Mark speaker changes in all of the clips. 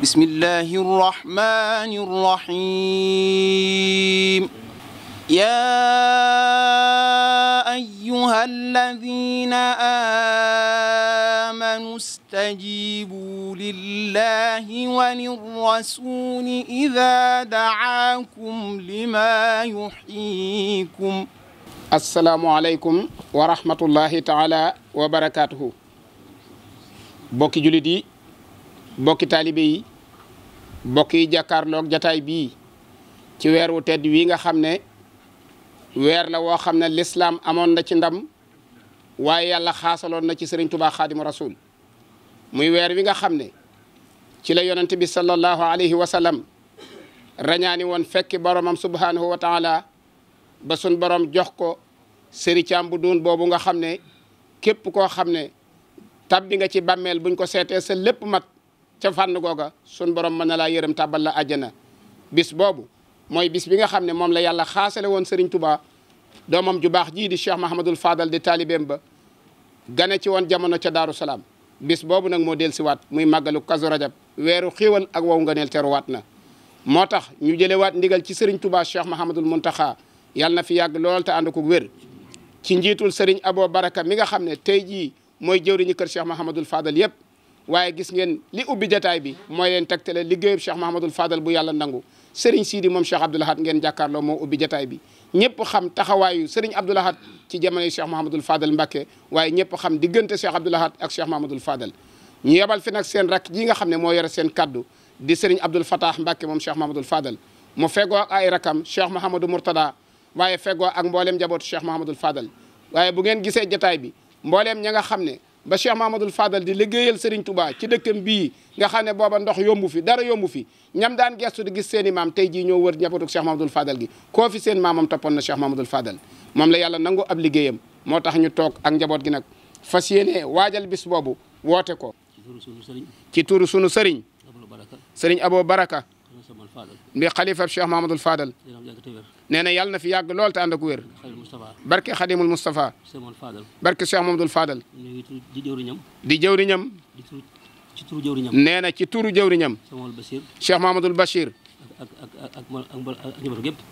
Speaker 1: بسم الله الرحمن الرحيم يا أيها الذين آمنوا استجيبوا لله وللرسول إذا دعاكم لما يحييكم asalaamualeykum wa rahmatullahi taala wa barakaatuhu bokki jullit yi bokki taalibe yi mbokk yi jàkkaarloog jataay bii ci weer wu tedd nga xam ne weer la woo xam ne lislaam amoon na ci ndam waaye yàlla xaasaloon na ci sëriñ tubaa xaadimu rasul muy weer wi nga xam ne ci la yonent bi sallallahu alayhi wa sallam rañaani woon fekki boromam subhanahu wa taala ba sun borom jox ko sëri caam bu duun boobu nga xam ne képp koo xam ne tabbi nga ci bàmmeel buñ ko seetee sa lépp mag ca fànn googa sun borom mën na laa yërëm tabal la àjjana bis boobu mooy bis bi nga xam ne moom la yàlla xaasale woon Serigne Touba doomam ju baax jii di Cheikh Mahamadul Fadal di taalibeem ba gane ci woon jamono ca Daaru Salaam bis boobu nag moo del siwaat muy màggalu Kazu Rajab weeru xiiwal ak wow nga neel teruwaat na moo tax ñu waat ndigal ci Serigne Touba Cheikh Mahamadul Muntaxa yàlla na fi yàgg lool te ànd ko wér ci njiitul Serigne Abo Baraka mi nga xam ne tey jii mooy jëwriñu kër Cheikh Mahamadul Fadal yëpp waaye gis ngeen li ubbi jataay bi mooy leen tegtale liggéeyub Cheikh Mahamadul Fadal bu yàlla nangu Serigne Sidi moom Cheikh Abdoul Ahad ngeen jàkkaarloo moo ubbi jataay bi ñëpp xam taxawaayu Serigne Abdoul Ahad ci jamonoy Cheikh Mahamadul Fadal mbake waaye ñëpp xam diggante Cheikh Abdoul Ahad ak Cheikh Mahamadul Fadal ñu yebal fi seen rakk ji nga xam ne moo yore seen kaddu di Serigne Abdoul Fatah Mbacké moom Cheikh Mahamadul Fadal mu fegoo ak ay rakam Cheikh Mahamadou Mourtada waaye fegoo ak mbooleem jabootu Cheikh Mahamadul Fadal waaye bu ngeen gisee jataay bi mbooleem ña nga xam ne ba Cheikh Mamadou Fadal di liggéeyal Serigne Touba ci dëkkam bii nga xam ne booba ndox yombu fi dara yombu fi ñam daan gestu di gis seen i maam tey jii ñoo wër njabootu Cheikh Mamadou Fadal gi koo fi seen maamam toppoon na Cheikh Mamadou Fadal moom la yàlla nangu ab liggéeyam moo tax ñu toog ak njaboot gi nag fas yéene waajal bis boobu woote ko ci turu sunu sëriñ sëriñ Abo Baraka ndi xalifa Cheikh Mahamadul Fadal nee na yàlla na fi yàgg lool te ànd ak wér barke xadimul Moustapha barke Cheikh Mahamadul Fadal di jëwriñam di jëwriñam ci
Speaker 2: turu jëwriñam nee na
Speaker 1: ci turu jëwriñam Cheikh Mahamadul Bachir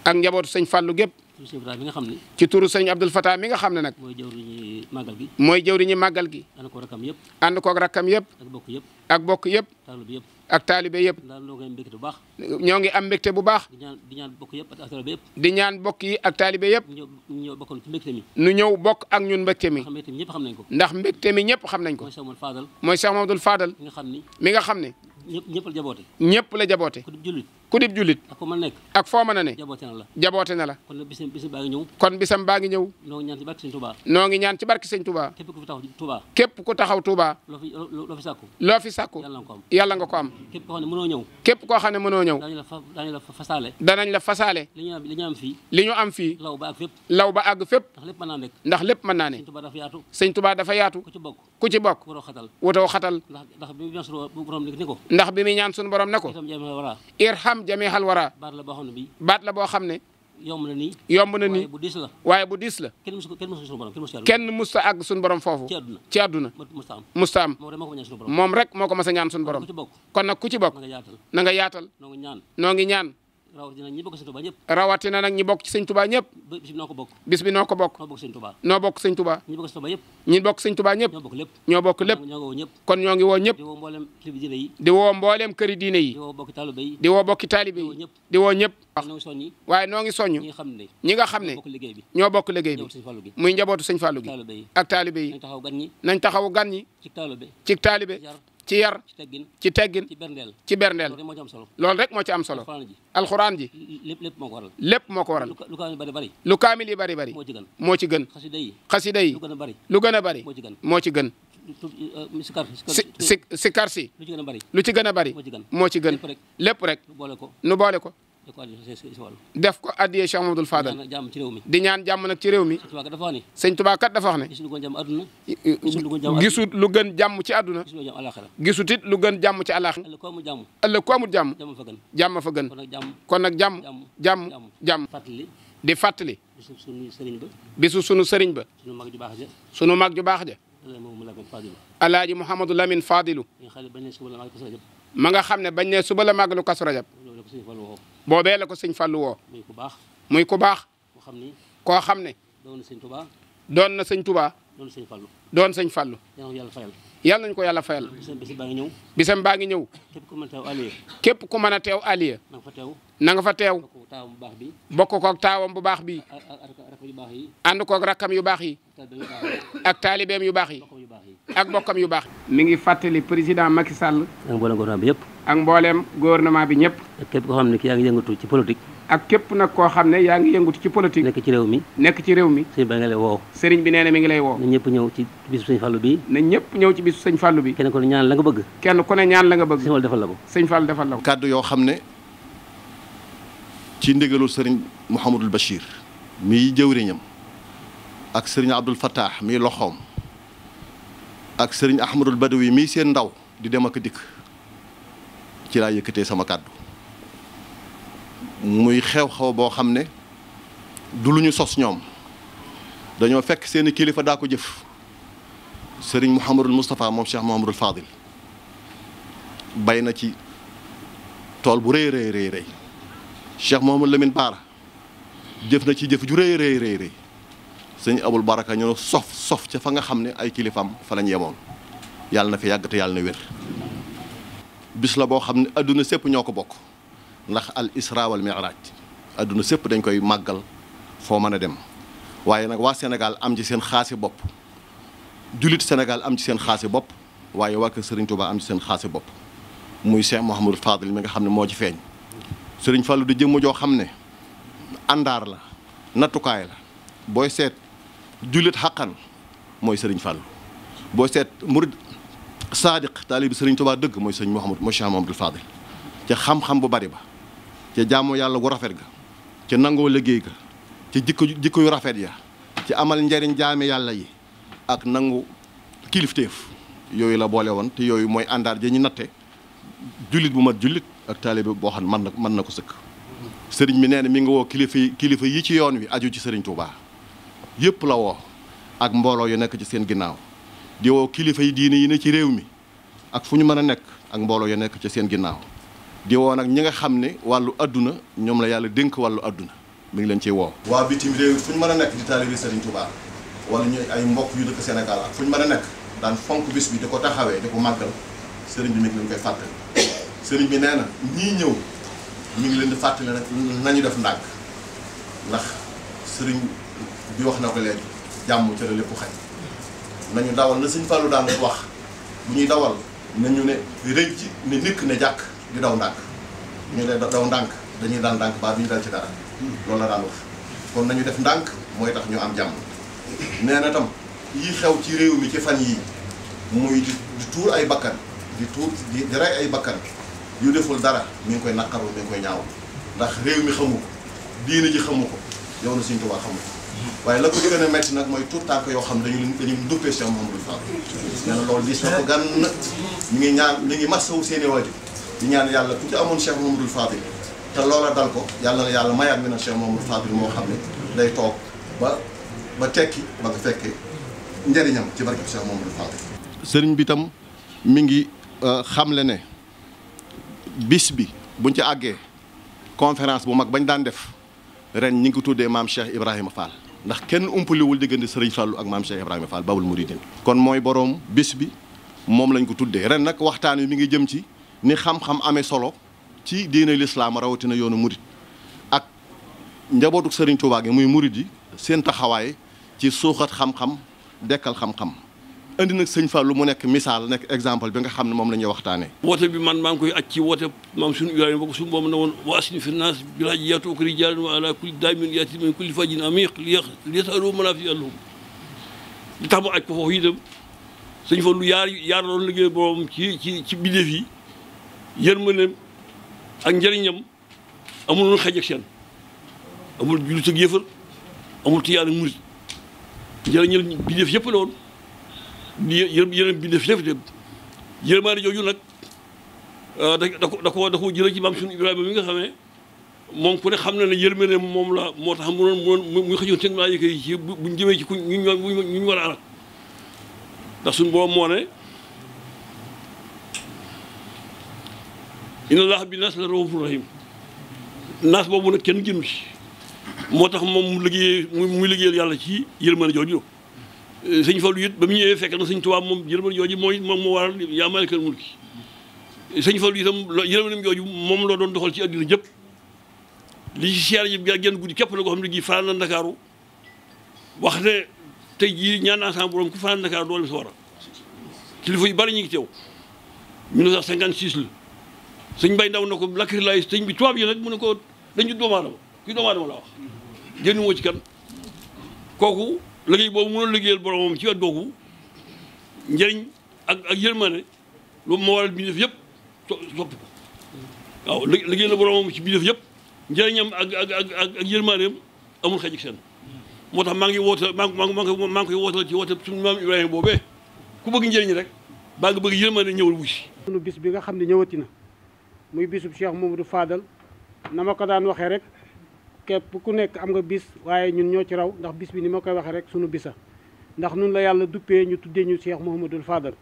Speaker 1: ak njabootu sëñ Fallou gépp
Speaker 2: bi nga xam ne
Speaker 1: ci turu sëñ Abdul Fatah mi nga xam ne nag mooy
Speaker 2: jëwriñu màggal gi
Speaker 1: mooy jëwriñu màggal gi ànd ko rakkam yëpp ànd yëpp ak bokk yëpp ak bokk yëpp taalibe yëpp ak taalibe ñoo ngi am mbégte bu baax ñoo
Speaker 2: ngi am di ñaan bokk yëpp
Speaker 1: ñaan bokk yi ak taalibe yëpp
Speaker 2: ñu ñëw bokk ci mbégte mi
Speaker 1: ñu ñëw bokk ak ñun mbégte mi ñëpp xam nañ ko ndax mbégte mi ñëpp xam ko mooy Cheikh Mamadou Fadal mi nga xam ne mi nga xam ne ñëpp la jaboote ñëpp la jaboote ku dib jullit ku dib jullit ak foo a nekk ak foo mën ne jaboote la jaboote na la kon bisam bisam baa ngi ñëw kon bisam baa
Speaker 2: ñaan
Speaker 1: ci barke sëñ Touba képp ku taxaw Touba loo fi loo yàlla nga ko am yàlla ko koo xam ne mënoo ñëw képp koo xam ne mënoo
Speaker 2: danañ la fasaale danañ la fasaale li ñu am fii
Speaker 1: li ñu am fii law ba àgg fépp law ndax lépp man naa ne sëñ Touba dafa yaatu ku ci bokk ku ci bokk wutoo xatal
Speaker 2: ndax bi muy ñaan
Speaker 1: suñu borom ne ko irham alam jamee xal wara baat la boo xam ne yomb na nii yomb na nii waaye bu diis la kenn musta àgg suñu borom foofu ci àdduna musta am moom rek moo ko mas a ñaan suñu borom kon nag ku bokk na yaatal noo ngi ñaan
Speaker 2: rawatina ñi bokk ci sëñ Tuubaa ñëpp.
Speaker 1: rawatina nag ñi bokk ci sëñ Tuubaa ñëpp.
Speaker 2: bis bi noo ko bokk.
Speaker 1: bis bi noo ko bokk. noo bokk sëñ Tuubaa. noo bokk sëñ Tuubaa. ñi bokk sëñ Tuubaa ñëpp. ñi bokk sëñ Tuubaa ñëpp. ñoo bokk lépp. ñoo bokk lépp. ñoo ngi woo ñëpp. kon ñoo ngi woo ñëpp.
Speaker 2: di woo mboolem këri diine yi.
Speaker 1: di woo mboolem këri diine yi. di
Speaker 2: woo bokki taalibe yi.
Speaker 1: di woo bokki taalibe yi. di woo ñëpp. waaye noo ngi soññ ñi
Speaker 2: nga
Speaker 1: xam ne ñoo bokk liggéey bi muy njabootu sëñ Fallou gi ak taalibe yi nañ taxaw gan ñi ci taalibe ci yar ci teggin ci berndeel loolu rek moo ci am solo alxuraan ji lépp moo ko waral lu kaamil yi bari bari moo ci gën xasida yi lu gën a bari moo ci gën
Speaker 2: euh, si si karsi lu ci gën a bari moo ci gën lépp rek nu
Speaker 1: boole ko def ko addiyee Cheikh Mamadou Fadal di ñaan jàmm nag ci réew mi sëñ Tuubaa kat dafa wax ne gisut lu gën jàmm ci àdduna gisut it lu gën jàmm ci àllaaxira ëllëg ko amul jàmm jàmm fa gën kon nag jàmm jàmm jàmm di fàttali bisu sunu sëriñ ba sunu mag ju baax ja alaaji Mouhamadou Lamine Fadilu ma nga xam ne bañ ne suba la màggalu Kazu Rajab boobee la ko sëñ Fallou woo. muy ku baax muy ku baax. koo xam ni koo xam ne.
Speaker 2: doon na sëñ Touba.
Speaker 1: doon na sëñ Touba. doon sëñ Fallou. doon sëñ Fallou. yal na ko yàlla nañ ko yàlla fayal. bisam baa ngi ñëw. bisam baa ngi ñëw.
Speaker 2: képp ku mën a teew Aliya. képp ku na nga fa teew. na nga fa teew.
Speaker 1: bokk ko ak taawam bu baax bi. ànd ko rakkam yu baax yi. ak taalibeem yu baax yi. ak bokkam yu baax mi ngi fàttali président Macky Sall. ak mboolem gouvernement bi yëpp. ak mboolem gouvernement bi ñëpp. képp koo xam ne ki yaa ngi yëngatu ci politique. ak képp nag koo xam ne yaa ngi yëngutu ci politique. nekk ci réew mi nekk ci réew mi. sëriñ bi nga lay woo. sëriñ bi nee na mi ngi lay woo. na ñëpp ñëw ci bisu sëñ fàllu bi. na ñëpp ñëw ci bisu sëñ fàllu bi. kenn ku ne ñaan la nga bëgg. kenn kon ñaan la nga bëgg. sëñ fàllu defal la ko. sëñ fàllu defal
Speaker 3: la ko. kàddu yoo xam ne ci ndigalu sëriñ Mouhamadul Bachir. mii jëwriñam ak sëriñ Abdul Fattah mii loxoom ak sëriñ Ahmadul Badawi mii seen ndaw di dem ak dikk ci laa yëkkatee sama kàddu muy xew-xew boo xam ne du lu ñu sos ñoom dañoo fekk seeni kilifa daa ko jëf sëriñ Mouhamadul Moustapha moom Cheikh Mouhamadul Fadil bay na ci tool bu rëy rëy rëy rëy Cheikh jëf na ci jëf ju rëy rëy rëy rëy sëñ Abul Baraka ñoo sof sof ca fa nga xam ne ay kilifaam fa lañ yemoon yàlla na fi yàgg te yàlla na wér bis la boo xam ne àdduna sépp ñoo ko bokk ndax al isra wal miraaj sépp dañ koy màggal foo mën a dem waaye nag waa Sénégal am ci seen xaasi bopp julit Sénégal am ci seen xaasi bopp waaye waa kër Serigne am seen xaasi bopp muy Cheikh Mouhamadul Fadil mi nga xam ne moo ci feeñ Serigne Fallou di jëmm joo xam ne àndaar la nattukaay la booy seet julit xaqan mooy Serigne Fallou booy seet murid saadiq taalibi Serigne Touba dëgg mooy Serigne Mouhamad mooy Cheikh Mouhamadul Fadil ca xam-xam bu bari ba ca jaamu yàlla gu rafet ga ca nangoo liggéey ga ci jikko jikko yu rafet ya ci amal njariñ jaami yàlla yi ak nangu kilifteef yooyu la boole woon te yooyu mooy àndaar ja ñu natte jullit bu mat jullit ak taalibe boo xam man na mën na ko sëkk sëriñ mi nee na mi ngi woo kilifa yi kilifa yi ci yoon wi aju ci sëriñ Touba yëpp la woo ak mbooloo yu nekk ci seen ginnaaw di woo kilifa yi diine yi ne ci réew mi ak fu ñu mën a nekk ak mbooloo yu nekk ci seen ginnaaw di woo nag ñi nga xam ne wàllu àdduna ñoom la yàlla dénk wàllu adduna mi ngi leen ciy woo. waa bitim réew fu ñu mën a nekk di taalibe Serigne Touba wala ñu ay mbokk yu dëkk senegal ak fu ñu mën a nekk daan fonk bis bi di ko taxawee di ko màggal sëriñ bi mi ngi leen koy bi nee na ñii ñëw ñu ngi leen di fàttali nag nañu def ndànk ndax sëriñ bi wax na ko léegi jàmm ca la lépp xaj nañu dawal na Serigne Fallou daan wax bu ñuy dawal nañu ne rëcc ne nikk ne jàkk. di daw ndànk ñu ne daw ndànk dañuy daan ndànk ba du ñu dal ci dara loolu la daan wax kon nañu def ndànk mooy tax ñu am jàmm nee na tam yi xew ci réew mi ci fan yii muy di tuur ay bakkan di tuur di rey ay bakkan yu deful dara mi ngi koy naqaru mi ngi koy ñaaw ndax réew mi xamu ko diine ji xamu ko yow na Sëñ Tuubaa xamu ko waaye la ko gën a metti nag mooy tuur tànk yoo xam dañu dañu duppee Cheikh Mamadou Fall nee na loolu di soo ko gànn mi ngi ñaan mi ngi massawu seeni di ñaan yàlla ku ci amoon Cheikh Mamadou Fadil te loola dal ko yàlla na yàlla mayaat mi na Cheikh Mamadou Fadil moo xam ne day toog ba ba tekki ba nga fekkee njëriñam ci barkeb Cheikh Mamadou Fadil. sëriñ bi tam mi ngi euh, xamle ne bis bi buñ ci àggee conférence bu mag bañ daan def ren ñu ngi ko tuddee maam Cheikh Ibrahima Fall. ndax kenn umpaliwul diggante sëriñ Fallou ak maam Cheikh Ibrahima Fall Babul Mouridine kon mooy boroom bis bi moom lañ ko tuddee ren nag waxtaan wi mi ngi jëm ci. ni xam-xam amee solo ci diine lislaam rawatina yoonu murit ak njabootu sëriñ Tuubaa gi muy murit yi seen taxawaay ci suuxat xam-xam dekkal xam-xam indi nag sëñ Fallou mu nekk misaal nekk exemple bi nga xam ne moom la ñuy waxtaanee.
Speaker 4: woote bi man maa ngi koy aj ci woote maam suñu Ibrahima boobu suñu boobu ne woon wa asni fi naas bilaaji yaatu ak rijaalan wa ala kulli daamin yaati min fajin amiq li yasalu manaafi'a lahum li tax mu aj ko foofu liggéey borom ci ci ci biddeef yi yërmandeem ak njëriñam amul woon xaj ak seen amul jullit ak yëfër amul tiyaan ak murit njëriñal bindeef yëpp la woon yërëm bindeef yëpp de yërmaande jooju nag ah, da ko da ko da ko jëlee ci maam suñu Ibrahima mi nga xam ne moom ku ne xam na ne yërmande moom la moo tax mu doon mu doon muy xëjoon teg naa yëkkati ci buñ jëmee ci ku ñu ndax suñu boroom moo inna allah bi naas la raufur rahim naas boobu nag kenn génn ci moo tax moom mu liggéey muy liggéeyal yàlla ci yërmande jooju eh, sëñ Fallu it ba mu ñëwee fekk na sëñ Tuubaa moom yërmande jooju mooy moom moo waral yaa maalikal mulki eh, sëñ Fallu itam yërmandem jooju moom loo doon doxal ci àddina jëpp li ci siyaar yi gaa génn guddi képp la koo xam ne gii fanaan na Ndakaaru wax ne tey ñaan naa sama borom ku fanaan Ndakaaru doole sa war a kilifa yu bari ñu ngi teew 1956 sëñ bay ndaw na ko lakkir laay sëñ bi tubaab yi nag mu ne ko dañu doomu aadama kuy doomu aadama la wax génn moo ci kan kooku liggéey boobu mënoon liggéeyal boromam ci at yëpp sopp ko ci bindeef yëpp njëriñam ak ak ak ak yërmandeem amul xaj ak moo tax maa ngi woote maa ngi maa ngi koy wootal ci woote suñu maam Ibrahima boobee ku bëgg njëriñ rek baa nga bëgg yërmande ñëwal wusi
Speaker 5: bis bi nga xam ne ñëwati muy bisub Cheikh Mamadou Fadal na ma ko daan waxee rek képp ku nekk am nga bis waaye ñun ñoo ci raw ndax bis bi ni ma koy waxee rek sunu bisa ndax nun la yàlla duppee ñu tuddee ñu Cheikh Mouhamadoul Fadal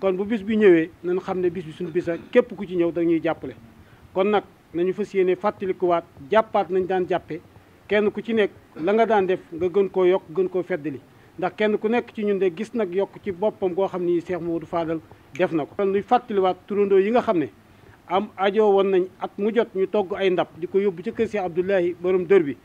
Speaker 5: kon bu bis bi ñëwee nañ xam ne bis bi sunu bisa képp ku ci ñëw dañuy jàppale kon nag nañu fas yéene fàttalikuwaat jàppaat nañ daan jàppe kenn ku ci nekk la nga daan def nga gën koo yokk gën koo fedd feddali ndax kenn ku nekk ci ñun de gis nag yokk ci boppam goo xam ni Cheikh Mouhamadoul Fadal def na ko nuy fàttaliwaat turandoo yi nga ne am ajo woon nañ at mu jot ñu togg ay ndab di ko yóbbu ci kër si Abdoulahi borom dër bi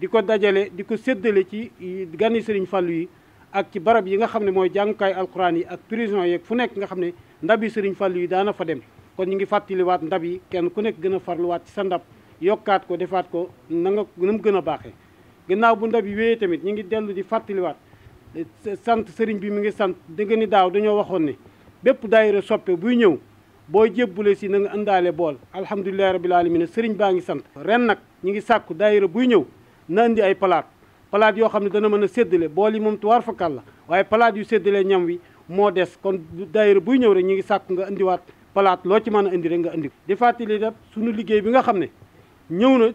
Speaker 5: di ko dajale di ko séddale ci gani Serigne Fallou yi ak ci barab yi nga xam ne mooy jàngukaay alquran yi ak prison yeeg fu nekk nga xam ne ndab yi Serigne Fallou yi daana fa dem kon ñu ngi fàttaliwaat ndab yi kenn ku nekk gën a farluwaat ci sa ndab yokkaat ko defaat ko na nga na mu gën a baaxee gannaaw bu ndab yi wéyee tamit ñu ngi dellu di fàttaliwaat eh, sant Serigne bi mi ngi sant dégg ni daaw dañoo waxoon ne bépp daayira soppe buy ñëw boo jébbule si na nga indaale bool alhamdulilahi rabil alamina sëriñ baa ngi sant ren nag ñi ngi sàkku daayira buy ñëw na indi ay palaat palaat yoo xam ne dana mën a séddale bool yi moom tuwaar fakal la waaye palaat yu séddalee ñam wi moo des kon daayira buy ñëw rek ñu ngi sàkk nga indiwaat palaat loo ci mën a indi rek nga indi di fàttali def suñu liggéey bi nga xam ne ñëw na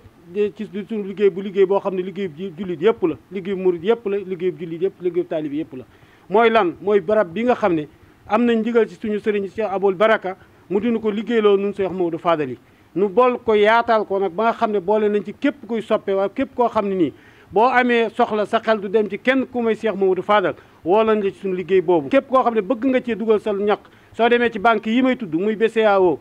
Speaker 5: ci suñu liggéey bu liggéey boo xam ne liggéey bu jullit yëpp la liggéey bu yëpp la liggéey bu jullit yëpp liggéey bu taalibi la mooy lan mooy barab bi nga xam ne am nañ ndigal ci suñu sëriñ Cheikh Aboul Baraka mu dina ko liggéeyloo nun Seex Maodo Fadal yi nu bool ko yaatal ko nag ba nga xam ne boole nañ ci képp kuy soppe waaye képp koo xam ne nii boo amee soxla sa xel du dem ci kenn ku may Seex Maodo Fadal woo lañ la ci suñu liggéey boobu képp koo xam ne bëgg nga cee dugal sa ñaq soo demee ci banque yi may tudd muy BCEAO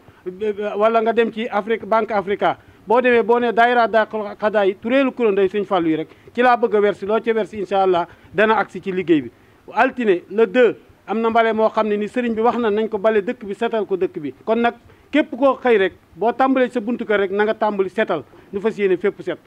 Speaker 5: wala nga dem ci Afrique Banque Africa boo demee boo ne daayira daa xadaa yi turéelu kuréel day sëñ fàllu yi rek ci laa bëgg a wersi loo ca incha allah dana agsi ci liggéey bi altine le 2 am na mbale moo xam ne ni sëriñ bi wax na nañ ko bale dëkk bi setal ko dëkk bi kon nag képp koo xëy rek boo tàmbalee sa buntu kër rek nanga nga tàmbali setal ñu fa yéene fépp set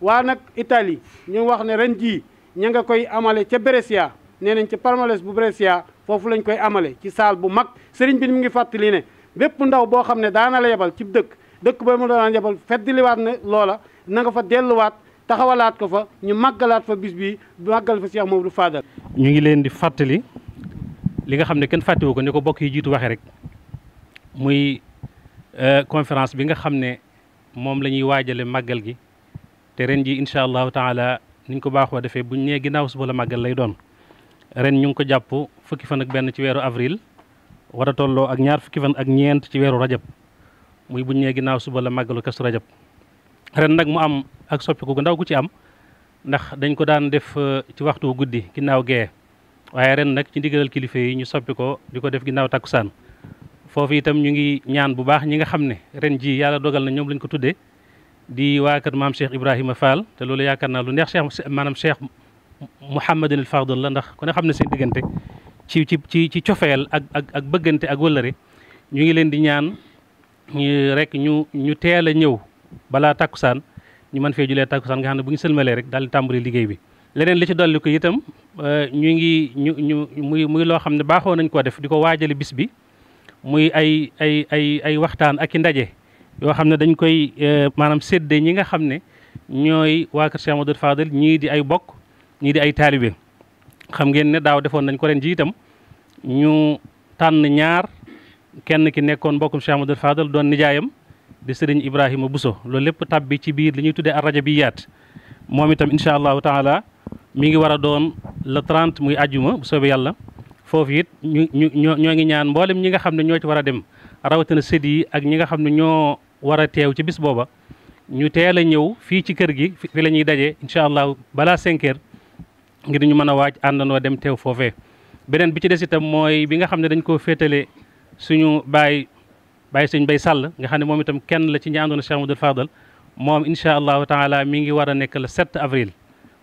Speaker 5: waa nag Italie ñu wax ne ren jii ña nga koy amale ca Brescia nee nañ ca Palmarès bu Brescia foofu lañ koy amale ci saal bu mag sëriñ bi mu ngi fàttali ne bépp ndaw boo xam ne daanal la yebal ci dëkk dëkk ba mu doon yebal feddliwaat na loola nanga fa delluwaat taxawalaat ko fa ñu màggalaat fa bis bi màggal fa Cheikh Mamadou Fadal
Speaker 6: ñu ngi leen di fàttali li nga xam ne kenn fàttewu ko ni ko bokk yi jiitu waxee rek muy euh, conférence bi nga xam ne moom la ñuy waajale màggal gi te ren ji incha allahu taala nuñ ko baaxoo defee buñ nee ginnaaw suba la lay doon ren ñu ngi ko jàpp fukki fan ak benn ci weeru avril war a tolloo ak ñaar fukki fan ak ñeent ci weeru rajab muy buñ nee ginnaaw suba la màggalu kasu rajab ren nag mu am ak soppe soppiku ko ndaw gu ci am ndax dañ ko daan def euh, ci waxtu guddi ginnaaw gee waaye ren nag ci ndigalal kilifa yi ñu soppi ko di ko def gi ginnaaw takkusaan foofu itam ñu ngi ñaan bu baax ñi nga xam ne ren ji yàlla dogal na ñoom lañ ko tuddee di waa kër maam Cheikh Ibrahima Fall te loolu yaakaar naa lu neex Cheikh maanaam Cheikh Mouhamadul Fadl la ndax ku ne xam ne seen diggante ci ci ci ci cofeel ak ak ak bëggante ak wëllëre ñu ngi leen di ñaan rek ñu ñu teel a ñëw balaa takkusaan ñu man fee julee takkusaan nga xam ne bu ñu sëlmalee rek daal di tàmbali Euh, ñu ngi ñu ñu muy muy loo xam ne baaxoo nañ koo def di ko waajale bis bi muy ay ay ay ay waxtaan ak i ndaje yoo xam ne dañ koy euh, maanaam sédde ñi nga xam ne ñooy waa kër Cheikh Amadou Fadel ñii di ay bokk ñii di ay taalibe xam ngeen ne daaw defoon nañ ko ren ji itam ñu tànn ñaar kenn ki nekkoon mbokkum Cheikh Amadou Fadel doon nijaayam di sëriñ Ibrahima Bousso loolu lépp tabbi ci biir li ñuy tuddee ar rajabiyaat moom itam incha allahu taala mi ngi war a doon le 30 muy ajjuma bu soobee yàlla foofu it ñu ñu ñoo ngi ñaan mboolem ñi nga xam ne ñoo ci war a dem rawatina sët yi ak ñi nga xam ne ñoo war a teew ci bis booba ñu teel a ñëw fii ci kër gi fi la ñuy dajee incha allah balaa 5 ngi ngir ñu mën a waaj àndandoo dem teew foofee. beneen bi ci des itam mooy bi nga xam ne dañ koo féetale suñu baay baay suñ bay sàll nga xam ne moom itam kenn la ci ñi àndoon Cheikh Amadou Fadal moom incha allahu taala mi ngi war a nekk le 7 avril.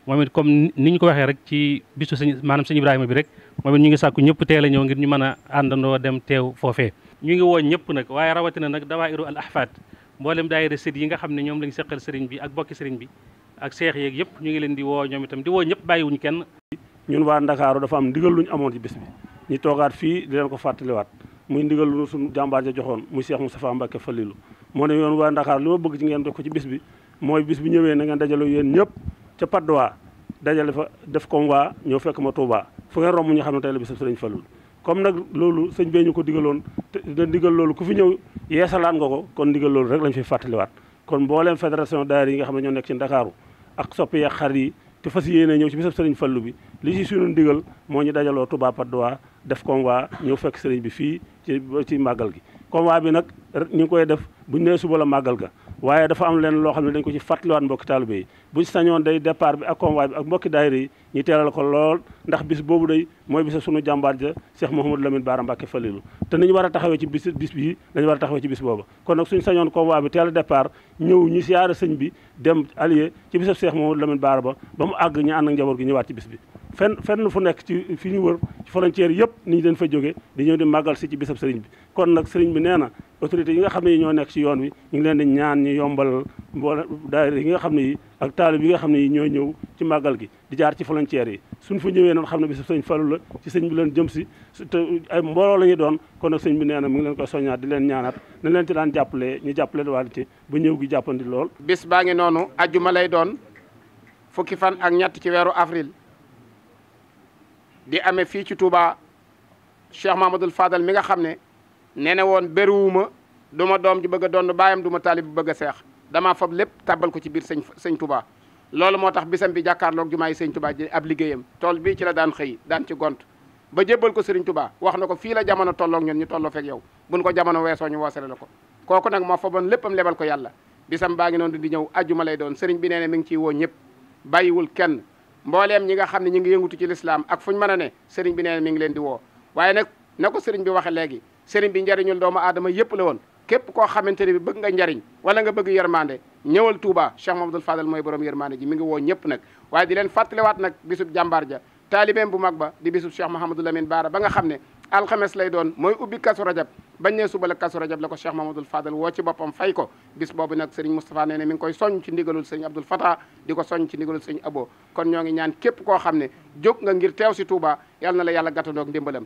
Speaker 6: moom it comme ni ñu ko waxee rek ci bisu sëñ maanaam sëñ Ibrahima bi rek moom it ñu ngi sàkku ñëpp teel ñëw ngir ñu mën a àndandoo dem teew foofee ñu ngi woo ñëpp nag waaye rawatina nag dawaa dawaayiru al ahfaad mboolem daayira sët yi nga xam ne ñoom lañ seqal sëriñ bi ak bokki sëriñ bi ak seex yeeg yëpp ñu ngi leen di woo ñoom itam di woo ñëpp bàyyiwuñ kenn
Speaker 7: ñun waa Ndakaaru dafa am ndigal luñu amoon ci bis bi ñu toogaat fii di leen ko fàttaliwaat muy ndigal lu suñu jàmbaar ja joxoon muy Cheikh Moustapha Mbacké Falilou moo ne yoon waa Ndakaaru li bëgg ci ngeen def ko ci bis bi mooy bis bi ñëwee na ngeen dajaloo yéen ñëpp ca Padoa dajale fa def waa ñëw fekk ma Touba fu ngeen romb ñu xam ne tey la bisab sëriñ Fallu comme nag loolu sëñ bee ñu ko digaloon te digal loolu ku fi ñëw yeesalaat nga ko kon ndigal loolu rek lañu fi fàttaliwaat kon mbooleem fédération daayira yi nga xam ne ñoo nekk ci Ndakaaru ak soppi ya xar yi te fas yéene ñëw ci bisab sëriñ Fallu bi li ci suñu ndigal moo ñu dajaloo Touba Padoa def waa ñëw fekk sëriñ bi fii ci ci màggal gi convoi bi nag ñu ngi koy def buñ nee suba la màggal ga waaye dafa am leen loo xam ne dañ ko ci fàttaliwaat mbokki taalibe yi bu ñu sañoon day départ bi ak convoi bi ak mbokki daayira yi ñu teelal ko lool ndax bis boobu day mooy bisa sunu jàmbaar ja moo Mouhamadou Lamine Bara Mbacké Falilou te ni ñu war a taxawee ci bis bis bii dañu war a taxawee ci bis booba kon nag suñ sañoon convoi bi teel a départ ñëw ñu siyaara sëñ bi dem allié ci bisab Cheikh Mouhamadou Lamine Bara ba ba mu àgg ñu ànd ak njaboot gi ñëwaat ci bis bi fenn fenn fu nekk ci fi ñu wër ci frontière yëpp ni ñu leen fa jógee di ñëw di màggal si ci bisab bi kon nag sëriñ bi nee na autorité yi nga xam ne ñoo nekk ci yoon wi ñu ngi leen di ñaan ñu yombal mboole daayira yi nga xam ne ak taalib yi nga xam ne ñoo ñëw ci màggal gi di jaar ci volontaires yi suñ fa ñëwee noonu xam ne bisu sëñ Fallu la ci sëñ bi leen jëm si te ay mbooloo la ñuy doon kon nag sëñ bi nee na mu ngi leen koy soññaat di leen ñaanaat na leen ci daan jàppale ñu jàppale waale ci ba ñëw gi jàppandi lool
Speaker 1: bis baa ngi noonu ajjuma lay doon fukki fan ak ñett ci weeru afril di ame fii ci Touba Cheikh Mahamadoul Fadal mi nga xam ne nee na woon bëriwuma du ma doom ji bëgg a doon baayam du ma taalib bu bëgg a seex damaa fab lépp tàbbal ko ci biir sëñ sëñ tubaa loolu moo tax bisam bi jàkkaarloog jumaa yi sëñ tubaa ji ab liggéeyam tool bi ci la daan xëy daan ci gont ba jébbal ko sëriñ tubaa wax na ko fii la jamono tolloog ñun ñu tolloo fekk yow buñ ko jamono weesoo ñu woosale la ko kooku nag moo faboon léppam lebal ko yàlla bisam baa ngi noonu di ñëw juma lay doon sëriñ bi nee na mi ngi ciy woo ñëpp bàyyiwul kenn mbooleem ñi nga xam ne ñi ngi yëngutu ci lislaam ak fuñ mën a ne sëriñ bi nee mi ngi leen di woo waaye nag na ko sëriñ bi waxe léegi sëriñ bi njariñul doomu aadama yëpp la képp koo xamante ne bi bëgg nga njariñ wala nga bëgg yërmande ñëwal Touba Cheikh Mamadou Fadal mooy borom yërmande ji mi woo ñëpp nag waaye di leen fàttaliwaat nag bisub jàmbaar ja taalibeem bu mag ba di bisub Cheikh Mahamadou Lamine Baara ba nga xam ne alxames lay doon mooy ubbi kasu rajab bañ ne suba la kasu rajab la ko Cheikh Mahamadou Fadal woo ci boppam fay ko bis boobu nag Serigne Moustapha nee na mi ngi koy soñ ci ndigalul Serigne Abdoul Fatah ko soñ ci ndigalul kon ñoo ngi ñaan képp koo xam ne jóg nga ngir teew si Touba yàlla na la yàlla gàttandoog ndimbalam